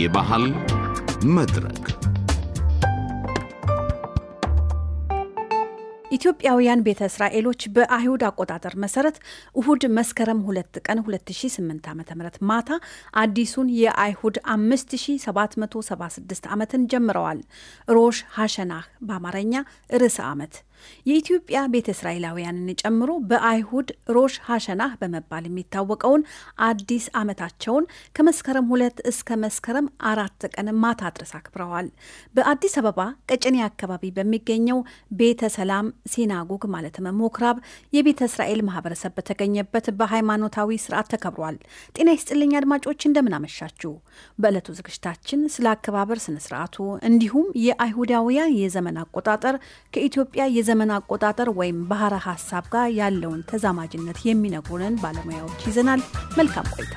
የባህል መድረክ ኢትዮጵያውያን ቤተ እስራኤሎች በአይሁድ አቆጣጠር መሰረት እሁድ መስከረም ሁለት ቀን 2008 ዓ ም ማታ አዲሱን የአይሁድ 5776 ዓመትን ጀምረዋል። ሮሽ ሀሸናህ በአማርኛ ርዕሰ ዓመት የኢትዮጵያ ቤተ እስራኤላውያንን ጨምሮ በአይሁድ ሮሽ ሀሸናህ በመባል የሚታወቀውን አዲስ ዓመታቸውን ከመስከረም ሁለት እስከ መስከረም አራት ቀን ማታ ድረስ አክብረዋል። በአዲስ አበባ ቀጭኔ አካባቢ በሚገኘው ቤተ ሰላም ሲናጎግ ማለትም ምኩራብ የቤተ እስራኤል ማህበረሰብ በተገኘበት በሃይማኖታዊ ስርዓት ተከብሯል። ጤና ይስጥልኝ አድማጮች፣ አመሻችሁ። በዕለቱ ዝግጅታችን ስለ አከባበር ስነስርዓቱ እንዲሁም የአይሁዳውያን የዘመን አቆጣጠር ከኢትዮጵያ የዘመን አቆጣጠር ወይም ባህረ ሀሳብ ጋር ያለውን ተዛማጅነት የሚነግሩንን ባለሙያዎች ይዘናል። መልካም ቆይታ።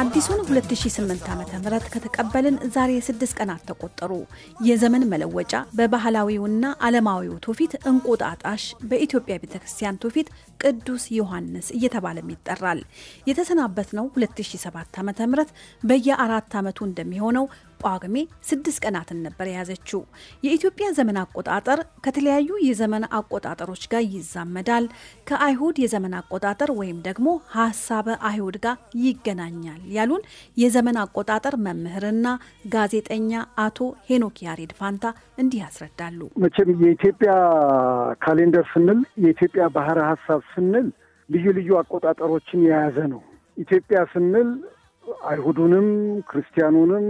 አዲሱን 2008 ዓ ም ከተቀበልን ዛሬ ስድስት ቀናት ተቆጠሩ። የዘመን መለወጫ በባህላዊውና ዓለማዊው ትውፊት እንቁጣጣሽ፣ በኢትዮጵያ ቤተክርስቲያን ትውፊት ቅዱስ ዮሐንስ እየተባለም ይጠራል። የተሰናበት ነው 2007 ዓ ም በየአራት ዓመቱ እንደሚሆነው ጳጉሜ ስድስት ቀናትን ነበር የያዘችው። የኢትዮጵያ ዘመን አቆጣጠር ከተለያዩ የዘመን አቆጣጠሮች ጋር ይዛመዳል። ከአይሁድ የዘመን አቆጣጠር ወይም ደግሞ ሀሳበ አይሁድ ጋር ይገናኛል ያሉን የዘመን አቆጣጠር መምህርና ጋዜጠኛ አቶ ሄኖክ ያሬድ ፋንታ እንዲህ ያስረዳሉ። መቼም የኢትዮጵያ ካሌንደር ስንል የኢትዮጵያ ባህረ ሀሳብ ስንል ልዩ ልዩ አቆጣጠሮችን የያዘ ነው። ኢትዮጵያ ስንል አይሁዱንም፣ ክርስቲያኑንም፣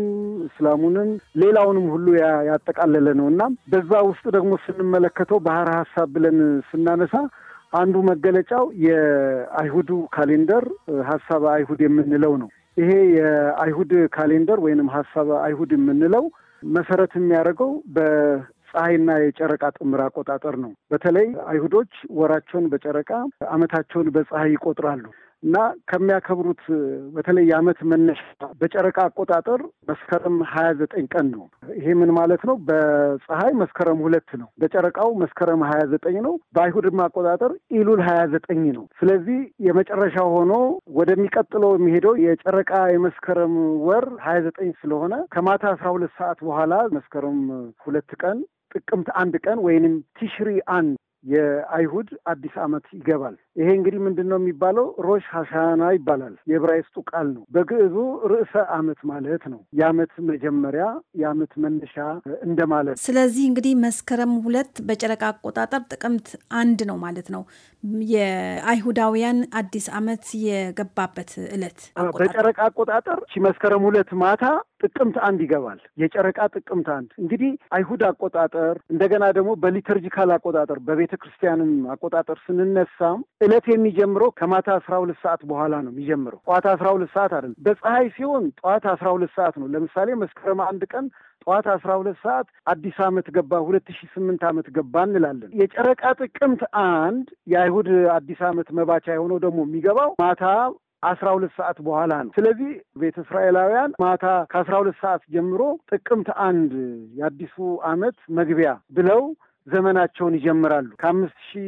እስላሙንም ሌላውንም ሁሉ ያጠቃለለ ነው እና በዛ ውስጥ ደግሞ ስንመለከተው ባህረ ሀሳብ ብለን ስናነሳ አንዱ መገለጫው የአይሁዱ ካሌንደር ሀሳብ አይሁድ የምንለው ነው። ይሄ የአይሁድ ካሌንደር ወይንም ሀሳብ አይሁድ የምንለው መሰረት የሚያደርገው በፀሐይና የጨረቃ ጥምር አቆጣጠር ነው። በተለይ አይሁዶች ወራቸውን በጨረቃ ዓመታቸውን በፀሐይ ይቆጥራሉ። እና ከሚያከብሩት በተለይ የዓመት መነሻ በጨረቃ አቆጣጠር መስከረም ሀያ ዘጠኝ ቀን ነው። ይሄ ምን ማለት ነው? በፀሐይ መስከረም ሁለት ነው። በጨረቃው መስከረም ሀያ ዘጠኝ ነው። በአይሁድም አቆጣጠር ኢሉል ሀያ ዘጠኝ ነው። ስለዚህ የመጨረሻ ሆኖ ወደሚቀጥለው የሚሄደው የጨረቃ የመስከረም ወር ሀያ ዘጠኝ ስለሆነ ከማታ አስራ ሁለት ሰዓት በኋላ መስከረም ሁለት ቀን ጥቅምት አንድ ቀን ወይንም ቲሽሪ አንድ የአይሁድ አዲስ ዓመት ይገባል። ይሄ እንግዲህ ምንድን ነው የሚባለው? ሮሽ ሀሻና ይባላል። የዕብራይስጡ ቃል ነው። በግዕዙ ርዕሰ ዓመት ማለት ነው። የዓመት መጀመሪያ፣ የዓመት መነሻ እንደማለት። ስለዚህ እንግዲህ መስከረም ሁለት በጨረቃ አቆጣጠር ጥቅምት አንድ ነው ማለት ነው። የአይሁዳውያን አዲስ ዓመት የገባበት ዕለት በጨረቃ አቆጣጠር መስከረም ሁለት ማታ ጥቅምት አንድ ይገባል። የጨረቃ ጥቅምት አንድ እንግዲህ አይሁድ አቆጣጠር እንደገና ደግሞ በሊተርጂካል አቆጣጠር በቤተ ክርስቲያንም አቆጣጠር ስንነሳም እለት የሚጀምረው ከማታ አስራ ሁለት ሰዓት በኋላ ነው የሚጀምረው። ጠዋት አስራ ሁለት ሰዓት አይደለም። በፀሐይ ሲሆን ጠዋት አስራ ሁለት ሰዓት ነው። ለምሳሌ መስከረም አንድ ቀን ጠዋት አስራ ሁለት ሰዓት አዲስ ዓመት ገባ ሁለት ሺ ስምንት ዓመት ገባ እንላለን። የጨረቃ ጥቅምት አንድ የአይሁድ አዲስ ዓመት መባቻ የሆነው ደግሞ የሚገባው ማታ አስራ ሁለት ሰዓት በኋላ ነው። ስለዚህ ቤተ እስራኤላውያን ማታ ከአስራ ሁለት ሰዓት ጀምሮ ጥቅምት አንድ የአዲሱ ዓመት መግቢያ ብለው ዘመናቸውን ይጀምራሉ። ከአምስት ሺ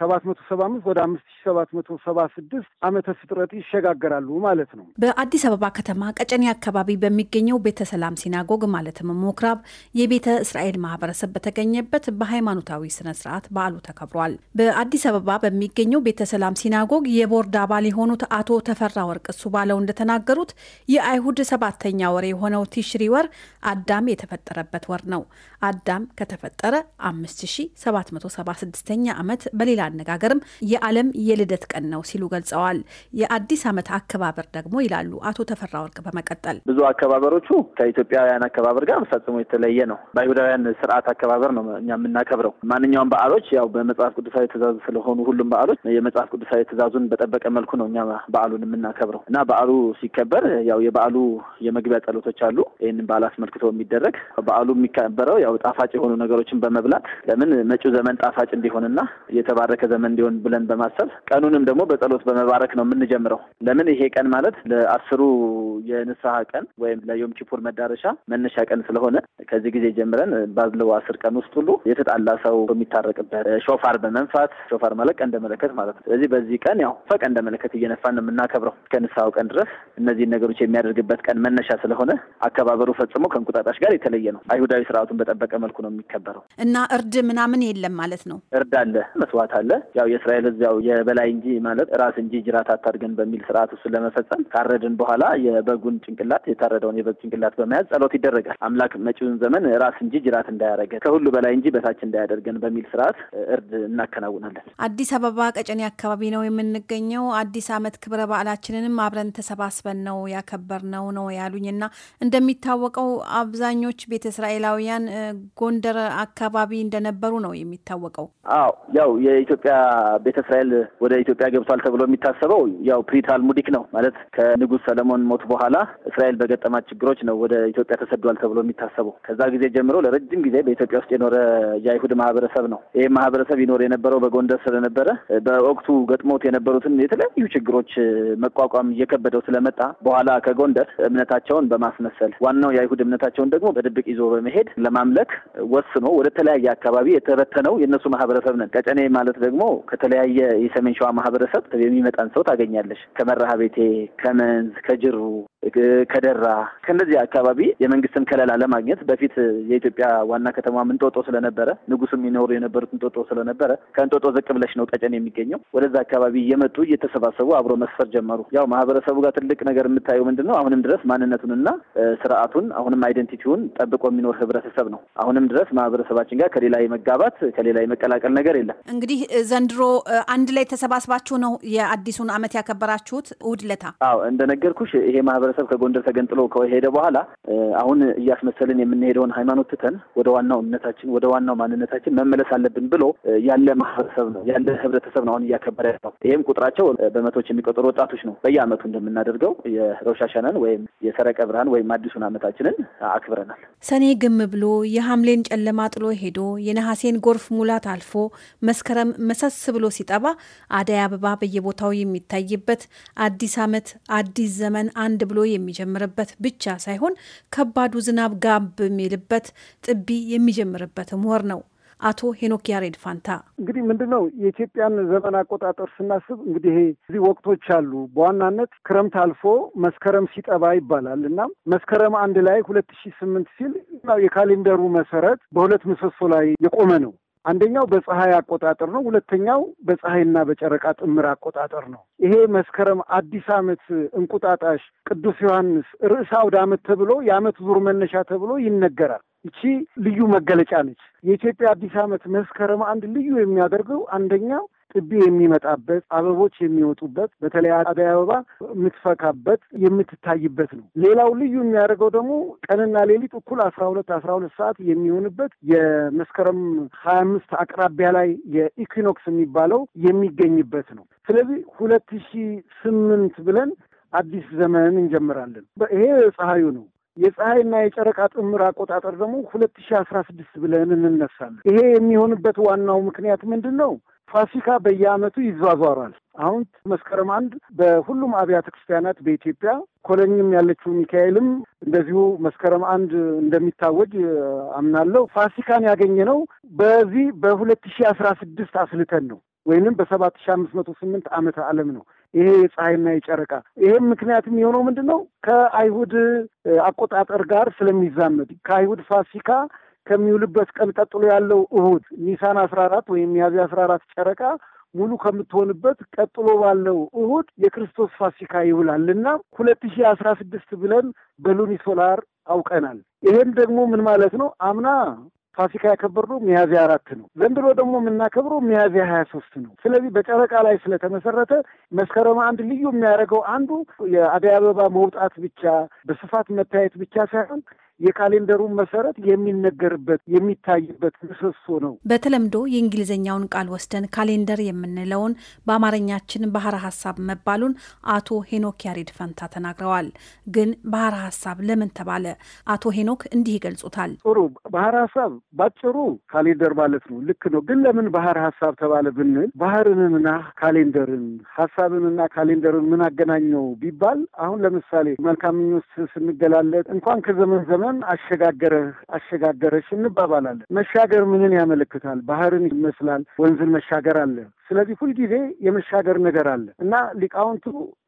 ሰባት መቶ ሰባ አምስት ወደ አምስት ሺ ሰባት መቶ ሰባ ስድስት አመተ ፍጥረት ይሸጋገራሉ ማለት ነው። በአዲስ አበባ ከተማ ቀጨኔ አካባቢ በሚገኘው ቤተ ሰላም ሲናጎግ ማለትም ምኩራብ የቤተ እስራኤል ማህበረሰብ በተገኘበት በሃይማኖታዊ ስነ ስርዓት በዓሉ ተከብሯል። በአዲስ አበባ በሚገኘው ቤተ ሰላም ሲናጎግ የቦርድ አባል የሆኑት አቶ ተፈራ ወርቅ እሱ ባለው እንደተናገሩት የአይሁድ ሰባተኛ ወር የሆነው ቲሽሪ ወር አዳም የተፈጠረበት ወር ነው። አዳም ከተፈጠረ 75776 ኛ ዓመት በሌላ አነጋገርም የዓለም የልደት ቀን ነው ሲሉ ገልጸዋል። የአዲስ ዓመት አከባበር ደግሞ ይላሉ አቶ ተፈራ ወርቅ በመቀጠል ብዙ አከባበሮቹ ከኢትዮጵያውያን አከባበር ጋር ፈጽሞ የተለየ ነው። በአይሁዳውያን ስርዓት አከባበር ነው እኛ የምናከብረው። ማንኛውም በዓሎች ያው በመጽሐፍ ቅዱሳዊ ትእዛዝ ስለሆኑ ሁሉም በዓሎች የመጽሐፍ ቅዱሳዊ ትእዛዙን በጠበቀ መልኩ ነው እኛ በዓሉን የምናከብረው እና በዓሉ ሲከበር ያው የበዓሉ የመግቢያ ጸሎቶች አሉ። ይህንን በዓል አስመልክቶ የሚደረግ በዓሉ የሚከበረው ያው ጣፋጭ የሆኑ ነገሮችን በመብላት ለምን መጪው ዘመን ጣፋጭ እንዲሆንና የተባረከ ዘመን እንዲሆን ብለን በማሰብ ቀኑንም ደግሞ በጸሎት በመባረክ ነው የምንጀምረው። ለምን ይሄ ቀን ማለት ለአስሩ የንስሐ ቀን ወይም ለዮም ኪፑር መዳረሻ መነሻ ቀን ስለሆነ ከዚህ ጊዜ ጀምረን ባለው አስር ቀን ውስጥ ሁሉ የተጣላ ሰው የሚታረቅበት ሾፋር በመንፋት ሾፋር ማለት ቀንደ መለከት ማለት ነው። ስለዚህ በዚህ ቀን ያው ፈቀንደ መለከት እየነፋን ነው የምናከብረው ከንስሐው ቀን ድረስ እነዚህን ነገሮች የሚያደርግበት ቀን መነሻ ስለሆነ አከባበሩ ፈጽሞ ከእንቁጣጣሽ ጋር የተለየ ነው። አይሁዳዊ ስርዓቱን በጠበቀ መልኩ ነው የሚከበረው እና እርድ ምናምን የለም ማለት ነው። እርድ አለ፣ መስዋዕት አለ። ያው የእስራኤል እዚያው የበላይ እንጂ ማለት ራስ እንጂ ጅራት አታድርገን በሚል ስርዓት እሱን ለመፈጸም ካረድን በኋላ የበጉን ጭንቅላት የታረደውን የበግ ጭንቅላት በመያዝ ጸሎት ይደረጋል። አምላክ መጪውን ዘመን ራስ እንጂ ጅራት እንዳያደርገን ከሁሉ በላይ እንጂ በታች እንዳያደርገን በሚል ስርዓት እርድ እናከናውናለን። አዲስ አበባ ቀጨኔ አካባቢ ነው የምንገኘው። አዲስ አመት ክብረ በዓላችንንም አብረን ተሰባስበን ነው ያከበርነው ነው ያሉኝ እንደሚታወቀው አብዛኞች ቤተ እስራኤላውያን ጎንደር አካባቢ እንደነበሩ ነው የሚታወቀው። አዎ ያው የኢትዮጵያ ቤተ እስራኤል ወደ ኢትዮጵያ ገብቷል ተብሎ የሚታሰበው ያው ፕሪ ነው ማለት ከንጉስ ሰለሞን ሞት በኋላ እስራኤል በገጠማት ችግሮች ነው ወደ ኢትዮጵያ ተሰዷል ተብሎ የሚታሰበው። ከዛ ጊዜ ጀምሮ ለረጅም ጊዜ በኢትዮጵያ ውስጥ የኖረ የአይሁድ ማህበረሰብ ነው። ይህ ማህበረሰብ ይኖር የነበረው በጎንደር ስለነበረ በወቅቱ ገጥሞት የነበሩትን የተለያዩ ችግሮች መቋቋም እየከበደው ስለመጣ በኋላ ከጎንደር እምነታቸውን በማስመሰል ዋናው የአይሁድ እምነታቸውን ደግሞ በድብቅ ይዞ በመሄድ ለማምለክ ወስኖ ወደ ተለያየ አካባቢ የተበተነው የእነሱ ማህበረሰብ ነን። ቀጨኔ ማለት ደግሞ ከተለያየ የሰሜን ሸዋ ማህበረሰብ የሚመጣን ሰው ታገኛለሽ። ከመረሃ ቤቴ፣ ከመንዝ፣ ከጅሩ ከደራ ከእነዚህ አካባቢ የመንግስትን ከለላ ለማግኘት በፊት የኢትዮጵያ ዋና ከተማ እንጦጦ ስለነበረ ንጉሱ የሚኖሩ የነበሩት እንጦጦ ስለነበረ ከእንጦጦ ዝቅ ብለሽ ነው ቀጨን የሚገኘው። ወደዛ አካባቢ እየመጡ እየተሰባሰቡ አብሮ መስፈር ጀመሩ። ያው ማህበረሰቡ ጋር ትልቅ ነገር የምታየው ምንድን ነው? አሁንም ድረስ ማንነቱንና ስርዓቱን አሁንም አይደንቲቲውን ጠብቆ የሚኖር ህብረተሰብ ነው። አሁንም ድረስ ማህበረሰባችን ጋር ከሌላ የመጋባት ከሌላ የመቀላቀል ነገር የለም። እንግዲህ ዘንድሮ አንድ ላይ ተሰባስባችሁ ነው የአዲሱን ዓመት ያከበራችሁት? እሑድ ለታ አዎ እንደነገርኩሽ ይሄ ማህበረ ማህበረሰብ ከጎንደር ተገንጥሎ ከሄደ በኋላ አሁን እያስመሰልን የምንሄደውን ሃይማኖት ትተን ወደ ዋናው እምነታችን ወደ ዋናው ማንነታችን መመለስ አለብን ብሎ ያለ ማህበረሰብ ነው ያለ ህብረተሰብ ነው አሁን እያከበረ ነው። ይህም ቁጥራቸው በመቶች የሚቆጠሩ ወጣቶች ነው። በየአመቱ እንደምናደርገው የሮሻሻናን ወይም የሰረቀ ብርሃን ወይም አዲሱን አመታችንን አክብረናል። ሰኔ ግም ብሎ የሐምሌን ጨለማ ጥሎ ሄዶ የነሐሴን ጎርፍ ሙላት አልፎ መስከረም መሰስ ብሎ ሲጠባ አደይ አበባ በየቦታው የሚታይበት አዲስ አመት አዲስ ዘመን አንድ ብሎ ብሎ የሚጀምርበት ብቻ ሳይሆን ከባዱ ዝናብ ጋብ የሚልበት ጥቢ የሚጀምርበትም ወር ነው። አቶ ሄኖክ ያሬድ ፋንታ እንግዲህ ምንድን ነው የኢትዮጵያን ዘመን አቆጣጠር ስናስብ እንግዲህ እዚህ ወቅቶች አሉ። በዋናነት ክረምት አልፎ መስከረም ሲጠባ ይባላል እና መስከረም አንድ ላይ ሁለት ሺህ ስምንት ሲል የካሌንደሩ መሰረት በሁለት ምሰሶ ላይ የቆመ ነው። አንደኛው በፀሐይ አቆጣጠር ነው። ሁለተኛው በፀሐይና በጨረቃ ጥምር አቆጣጠር ነው። ይሄ መስከረም አዲስ ዓመት፣ እንቁጣጣሽ፣ ቅዱስ ዮሐንስ ርዕሰ አውደ ዓመት ተብሎ የዓመት ዙር መነሻ ተብሎ ይነገራል። ይቺ ልዩ መገለጫ ነች። የኢትዮጵያ አዲስ ዓመት መስከረም አንድ ልዩ የሚያደርገው አንደኛው ጥቢ የሚመጣበት አበቦች የሚወጡበት በተለይ አደይ አበባ የምትፈካበት የምትታይበት ነው። ሌላው ልዩ የሚያደርገው ደግሞ ቀንና ሌሊት እኩል አስራ ሁለት አስራ ሁለት ሰዓት የሚሆንበት የመስከረም ሀያ አምስት አቅራቢያ ላይ የኢኩኖክስ የሚባለው የሚገኝበት ነው። ስለዚህ ሁለት ሺ ስምንት ብለን አዲስ ዘመን እንጀምራለን። ይሄ ፀሐዩ ነው። የፀሐይና የጨረቃ ጥምር አቆጣጠር ደግሞ ሁለት ሺ አስራ ስድስት ብለን እንነሳለን። ይሄ የሚሆንበት ዋናው ምክንያት ምንድን ነው? ፋሲካ በየዓመቱ ይዟዟራል። አሁን መስከረም አንድ በሁሉም አብያተ ክርስቲያናት በኢትዮጵያ ኮለኝም ያለችው ሚካኤልም እንደዚሁ መስከረም አንድ እንደሚታወጅ አምናለሁ። ፋሲካን ያገኘ ነው በዚህ በሁለት ሺ አስራ ስድስት አስልተን ነው ወይንም በሰባት ሺ አምስት መቶ ስምንት ዓመተ ዓለም ነው ይሄ የፀሐይና የጨረቃ ይሄም ምክንያት የሚሆነው ምንድን ነው? ከአይሁድ አቆጣጠር ጋር ስለሚዛመድ ከአይሁድ ፋሲካ ከሚውልበት ቀን ቀጥሎ ያለው እሁድ ኒሳን አስራ አራት ወይም ሚያዝያ አስራ አራት ጨረቃ ሙሉ ከምትሆንበት ቀጥሎ ባለው እሁድ የክርስቶስ ፋሲካ ይውላል እና ሁለት ሺህ አስራ ስድስት ብለን በሉኒ ሶላር አውቀናል። ይሄም ደግሞ ምን ማለት ነው? አምና ፋሲካ ያከበርነው ሚያዝያ አራት ነው። ዘንድሮ ደግሞ የምናከብረው ሚያዝያ ሀያ ሶስት ነው። ስለዚህ በጨረቃ ላይ ስለተመሰረተ መስከረም አንድ ልዩ የሚያደርገው አንዱ የአደይ አበባ መውጣት ብቻ በስፋት መታየት ብቻ ሳይሆን የካሌንደሩን መሰረት የሚነገርበት የሚታይበት ምሰሶ ነው። በተለምዶ የእንግሊዝኛውን ቃል ወስደን ካሌንደር የምንለውን በአማርኛችን ባህረ ሀሳብ መባሉን አቶ ሄኖክ ያሬድ ፈንታ ተናግረዋል። ግን ባህረ ሀሳብ ለምን ተባለ? አቶ ሄኖክ እንዲህ ይገልጹታል። ጥሩ ባህረ ሀሳብ ባጭሩ ካሌንደር ማለት ነው። ልክ ነው። ግን ለምን ባህር ሀሳብ ተባለ ብንል ባህርንና ካሌንደርን ሀሳብንና ካሌንደርን ምን አገናኘው ቢባል አሁን ለምሳሌ መልካምኞች ስንገላለጥ እንኳን ከዘመን ዘመን ሲሆን አሸጋገረህ አሸጋገረሽ እንባባላለን። መሻገር ምንን ያመለክታል? ባህርን ይመስላል። ወንዝን መሻገር አለ። ስለዚህ ሁልጊዜ የመሻገር ነገር አለ እና ሊቃውንቱ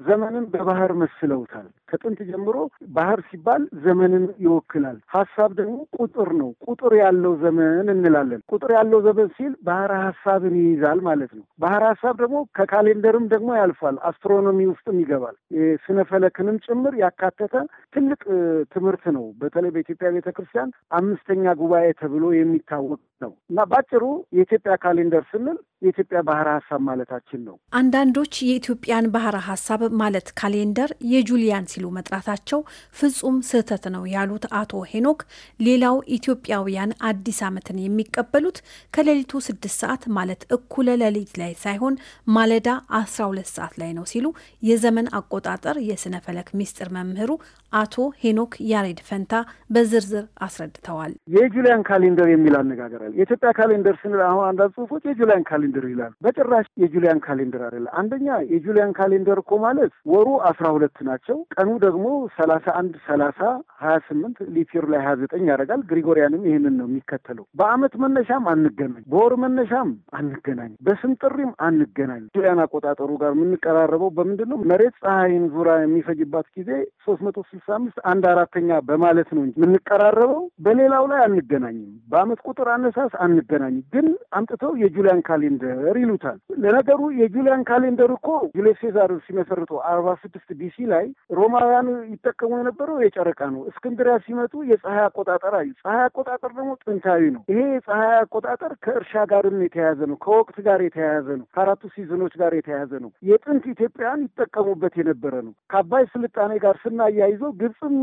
ዘመንን በባህር መስለውታል። ከጥንት ጀምሮ ባህር ሲባል ዘመንን ይወክላል። ሀሳብ ደግሞ ቁጥር ነው። ቁጥር ያለው ዘመን እንላለን። ቁጥር ያለው ዘመን ሲል ባህር ሀሳብን ይይዛል ማለት ነው። ባህር ሀሳብ ደግሞ ከካሌንደርም ደግሞ ያልፋል። አስትሮኖሚ ውስጥም ይገባል። ስነፈለክንም ጭምር ያካተተ ትልቅ ትምህርት ነው። በተለይ በኢትዮጵያ ቤተክርስቲያን አምስተኛ ጉባኤ ተብሎ የሚታወቅ ነው እና ባጭሩ የኢትዮጵያ ካሌንደር ስንል የኢትዮጵያ ባህረ ሀሳብ ማለታችን ነው። አንዳንዶች የኢትዮጵያን ባህረ ሀሳብ ማለት ካሌንደር የጁሊያን ሲሉ መጥራታቸው ፍጹም ስህተት ነው ያሉት አቶ ሄኖክ፣ ሌላው ኢትዮጵያውያን አዲስ ዓመትን የሚቀበሉት ከሌሊቱ ስድስት ሰዓት ማለት እኩለ ሌሊት ላይ ሳይሆን ማለዳ አስራ ሁለት ሰዓት ላይ ነው ሲሉ የዘመን አቆጣጠር የስነ ፈለክ ሚስጥር መምህሩ አቶ ሄኖክ ያሬድ ፈንታ በዝርዝር አስረድተዋል። የጁሊያን ካሌንደር የሚል አነጋገር አለ። የኢትዮጵያ ካሌንደር ስንል አሁን አንዳንድ ጽሁፎች የጁሊያን ካሌንደር ይላሉ። በጭራሽ የጁሊያን ካሌንደር አይደለም። አንደኛ የጁሊያን ካሌንደር እኮ ማለት ወሩ አስራ ሁለት ናቸው። ቀኑ ደግሞ ሰላሳ አንድ ሰላሳ ሀያ ስምንት ሊፒር ላይ ሀያ ዘጠኝ ያደርጋል። ግሪጎሪያንም ይህንን ነው የሚከተለው። በአመት መነሻም አንገናኝ፣ በወር መነሻም አንገናኝ፣ በስም ጥሪም አንገናኝ። ጁሊያን አቆጣጠሩ ጋር የምንቀራረበው በምንድን ነው? መሬት ፀሐይን ዙራ የሚፈጅባት ጊዜ ሶስት መቶ ስድስት አምስት አንድ አራተኛ በማለት ነው የምንቀራረበው በሌላው ላይ አንገናኝም። በአመት ቁጥር አነሳስ አንገናኝም። ግን አምጥተው የጁሊያን ካሌንደር ይሉታል። ለነገሩ የጁሊያን ካሌንደር እኮ ጁልስ ሴዛር ሲመሰርቱ አርባ ስድስት ቢሲ ላይ ሮማውያን ይጠቀሙ የነበረው የጨረቃ ነው። እስክንድሪያ ሲመጡ የፀሐይ አቆጣጠር አዩ። ፀሐይ አቆጣጠር ደግሞ ጥንታዊ ነው። ይሄ የፀሐይ አቆጣጠር ከእርሻ ጋርም የተያያዘ ነው። ከወቅት ጋር የተያያዘ ነው። ከአራቱ ሲዝኖች ጋር የተያያዘ ነው። የጥንት ኢትዮጵያውያን ይጠቀሙበት የነበረ ነው። ከአባይ ስልጣኔ ጋር ስናያይዘው ግብፅም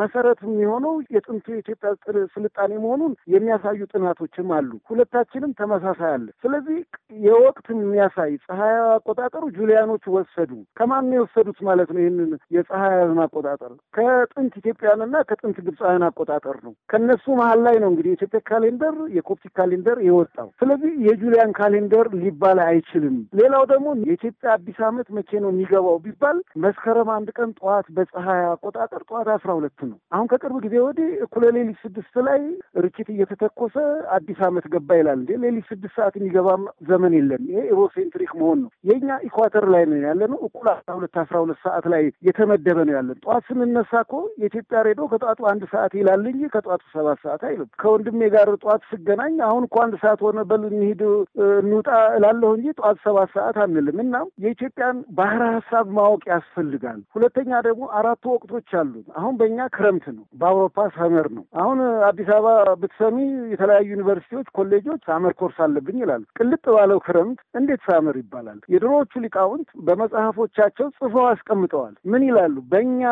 መሰረት የሚሆነው የጥንቱ የኢትዮጵያ ስልጣኔ መሆኑን የሚያሳዩ ጥናቶችም አሉ። ሁለታችንም ተመሳሳይ አለ። ስለዚህ የወቅት የሚያሳይ ፀሐያዊ አቆጣጠሩ ጁሊያኖች ወሰዱ። ከማን የወሰዱት ማለት ነው? ይህንን የፀሐያዊን አቆጣጠር ከጥንት ኢትዮጵያውያንና ከጥንት ግብፃውያን አቆጣጠር ነው። ከነሱ መሀል ላይ ነው እንግዲህ የኢትዮጵያ ካሌንደር፣ የኮፕቲክ ካሌንደር የወጣው። ስለዚህ የጁሊያን ካሌንደር ሊባል አይችልም። ሌላው ደግሞ የኢትዮጵያ አዲስ ዓመት መቼ ነው የሚገባው ቢባል መስከረም አንድ ቀን ጠዋት በፀሐይ አቆጣ አቆጣጠር ጠዋት አስራ ሁለት ነው። አሁን ከቅርብ ጊዜ ወዲህ እኩለ ሌሊት ስድስት ላይ ርችት እየተተኮሰ አዲስ ዓመት ገባ ይላል እንዴ! ሌሊት ስድስት ሰዓት የሚገባም ዘመን የለም። ይሄ ኤሮሴንትሪክ መሆን ነው። የእኛ ኢኳተር ላይ ነው ያለ ነው። እኩል አስራ ሁለት አስራ ሁለት ሰዓት ላይ የተመደበ ነው ያለን። ጠዋት ስንነሳ እኮ የኢትዮጵያ ሬዲዮ ከጠዋቱ አንድ ሰዓት ይላል እንጂ ከጠዋቱ ሰባት ሰዓት አይልም። ከወንድሜ ጋር ጠዋት ስገናኝ አሁን እኮ አንድ ሰዓት ሆነ በል እንሂድ እንውጣ እላለሁ እንጂ ጠዋት ሰባት ሰዓት አንልም። እና የኢትዮጵያን ባህረ ሀሳብ ማወቅ ያስፈልጋል። ሁለተኛ ደግሞ አራቱ ወቅቶች ወቅቶች አሉ። አሁን በእኛ ክረምት ነው፣ በአውሮፓ ሰመር ነው። አሁን አዲስ አበባ ብትሰሚ የተለያዩ ዩኒቨርሲቲዎች፣ ኮሌጆች ሳመር ኮርስ አለብኝ ይላሉ። ቅልጥ ባለው ክረምት እንዴት ሳመር ይባላል? የድሮዎቹ ሊቃውንት በመጽሐፎቻቸው ጽፈው አስቀምጠዋል። ምን ይላሉ? በእኛ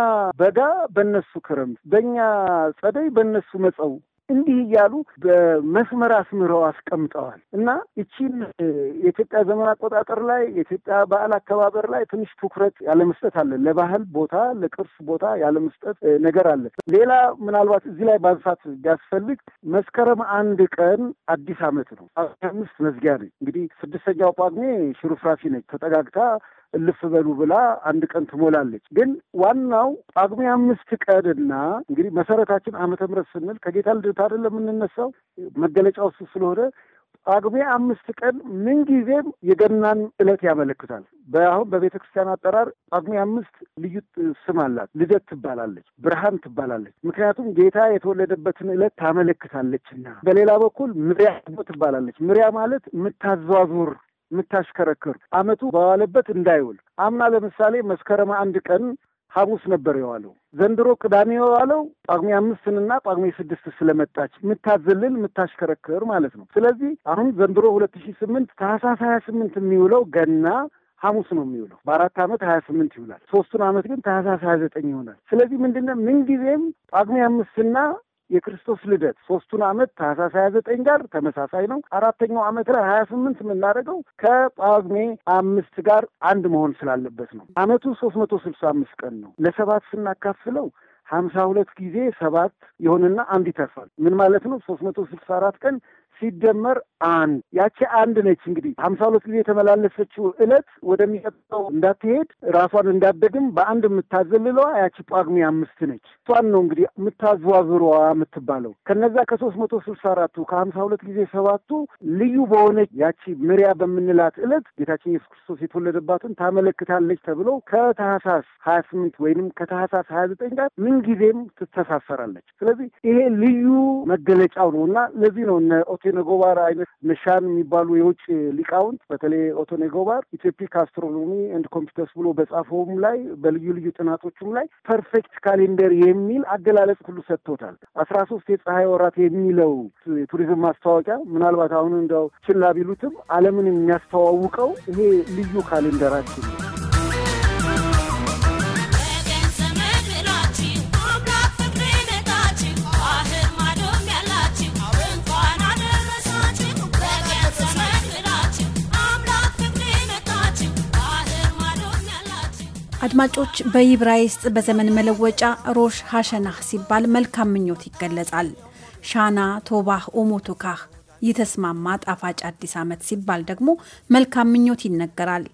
በጋ በነሱ ክረምት፣ በእኛ ጸደይ በነሱ መጸው እንዲህ እያሉ በመስመር አስምረው አስቀምጠዋል እና እቺን የኢትዮጵያ ዘመን አቆጣጠር ላይ የኢትዮጵያ በዓል አከባበር ላይ ትንሽ ትኩረት ያለመስጠት አለ። ለባህል ቦታ፣ ለቅርስ ቦታ ያለመስጠት ነገር አለ። ሌላ ምናልባት እዚህ ላይ ማንሳት ቢያስፈልግ መስከረም አንድ ቀን አዲስ ዓመት ነው። አስራ አምስት መዝጊያ ነች። እንግዲህ ስድስተኛው ጳጉሜ ሽሩፍራፊ ነች ተጠጋግታ እልፍ በሉ ብላ አንድ ቀን ትሞላለች። ግን ዋናው ጳጉሜ አምስት ቀንና እንግዲህ መሰረታችን ዓመተ ምሕረት ስንል ከጌታ ልደት አይደለም የምንነሳው መገለጫው እሱ ስለሆነ ጳጉሜ አምስት ቀን ምንጊዜም የገናን ዕለት ያመለክታል። አሁን በቤተ ክርስቲያን አጠራር ጳጉሜ አምስት ልዩ ስም አላት። ልደት ትባላለች፣ ብርሃን ትባላለች። ምክንያቱም ጌታ የተወለደበትን ዕለት ታመለክታለችና። በሌላ በኩል ምሪያ ትባላለች። ምሪያ ማለት የምታዟዙር የምታሽከረክር አመቱ በዋለበት እንዳይውል። አምና ለምሳሌ መስከረም አንድ ቀን ሐሙስ ነበር የዋለው። ዘንድሮ ቅዳሜ የዋለው ጳጉሜ አምስትንና ጳጉሜ ስድስት ስለመጣች የምታዘልል የምታሽከረክር ማለት ነው። ስለዚህ አሁን ዘንድሮ ሁለት ሺ ስምንት ታህሳስ ሀያ ስምንት የሚውለው ገና ሐሙስ ነው የሚውለው። በአራት ዓመት ሀያ ስምንት ይውላል። ሶስቱን ዓመት ግን ታህሳስ ሀያ ዘጠኝ ይሆናል። ስለዚህ ምንድነው ምንጊዜም ጳጉሜ አምስትና የክርስቶስ ልደት ሶስቱን ዓመት ታህሳስ ሀያ ዘጠኝ ጋር ተመሳሳይ ነው። አራተኛው ዓመት ላይ ሀያ ስምንት የምናደርገው ከጳጉሜ አምስት ጋር አንድ መሆን ስላለበት ነው። ዓመቱ ሶስት መቶ ስልሳ አምስት ቀን ነው። ለሰባት ስናካፍለው ሀምሳ ሁለት ጊዜ ሰባት የሆነና አንድ ይተርፋል። ምን ማለት ነው? ሶስት መቶ ስልሳ አራት ቀን ሲደመር አንድ ያቺ አንድ ነች። እንግዲህ ሀምሳ ሁለት ጊዜ የተመላለሰችው እለት ወደሚቀጥለው እንዳትሄድ ራሷን እንዳደግም በአንድ የምታዘልለዋ ያቺ ጳጉሜ አምስት ነች። እሷን ነው እንግዲህ የምታዘዋዝሯ የምትባለው። ከነዛ ከሶስት መቶ ስልሳ አራቱ ከሀምሳ ሁለት ጊዜ ሰባቱ ልዩ በሆነች ያቺ ምሪያ በምንላት እለት ጌታችን ኢየሱስ ክርስቶስ የተወለደባትን ታመለክታለች ተብሎ ከታህሳስ ሀያ ስምንት ወይንም ከታህሳስ ሀያ ዘጠኝ ጋር ምንጊዜም ትተሳሰራለች። ስለዚህ ይሄ ልዩ መገለጫው ነው እና ለዚህ ነው እነ ኔጎባር አይነት መሻን የሚባሉ የውጭ ሊቃውንት በተለይ ኦቶ ኔጎባር ኢትዮፒክ አስትሮኖሚ ኤንድ ኮምፒውተርስ ብሎ በጻፈውም ላይ በልዩ ልዩ ጥናቶቹም ላይ ፐርፌክት ካሌንደር የሚል አገላለጽ ሁሉ ሰጥቶታል። አስራ ሶስት የፀሐይ ወራት የሚለው የቱሪዝም ማስታወቂያ ምናልባት አሁን እንደው ችላ ቢሉትም ዓለምን የሚያስተዋውቀው ይሄ ልዩ ካሌንደራችን ነው። አድማጮች በይብራይስጥ በዘመን መለወጫ ሮሽ ሀሸናህ ሲባል መልካም ምኞት ይገለጻል። ሻና ቶባህ ኦሞቶካህ የተስማማ ጣፋጭ አዲስ ዓመት ሲባል ደግሞ መልካም ምኞት ይነገራል።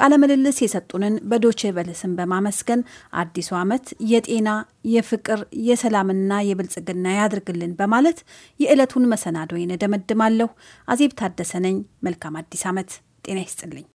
ቃለ ምልልስ የሰጡንን በዶቼ ቬለ ስም በማመስገን አዲሱ ዓመት የጤና የፍቅር፣ የሰላምና የብልጽግና ያድርግልን በማለት የዕለቱን መሰናዶ ይነደመድማለሁ። አዜብ ታደሰ ነኝ። መልካም አዲስ ዓመት። ጤና ይስጥልኝ።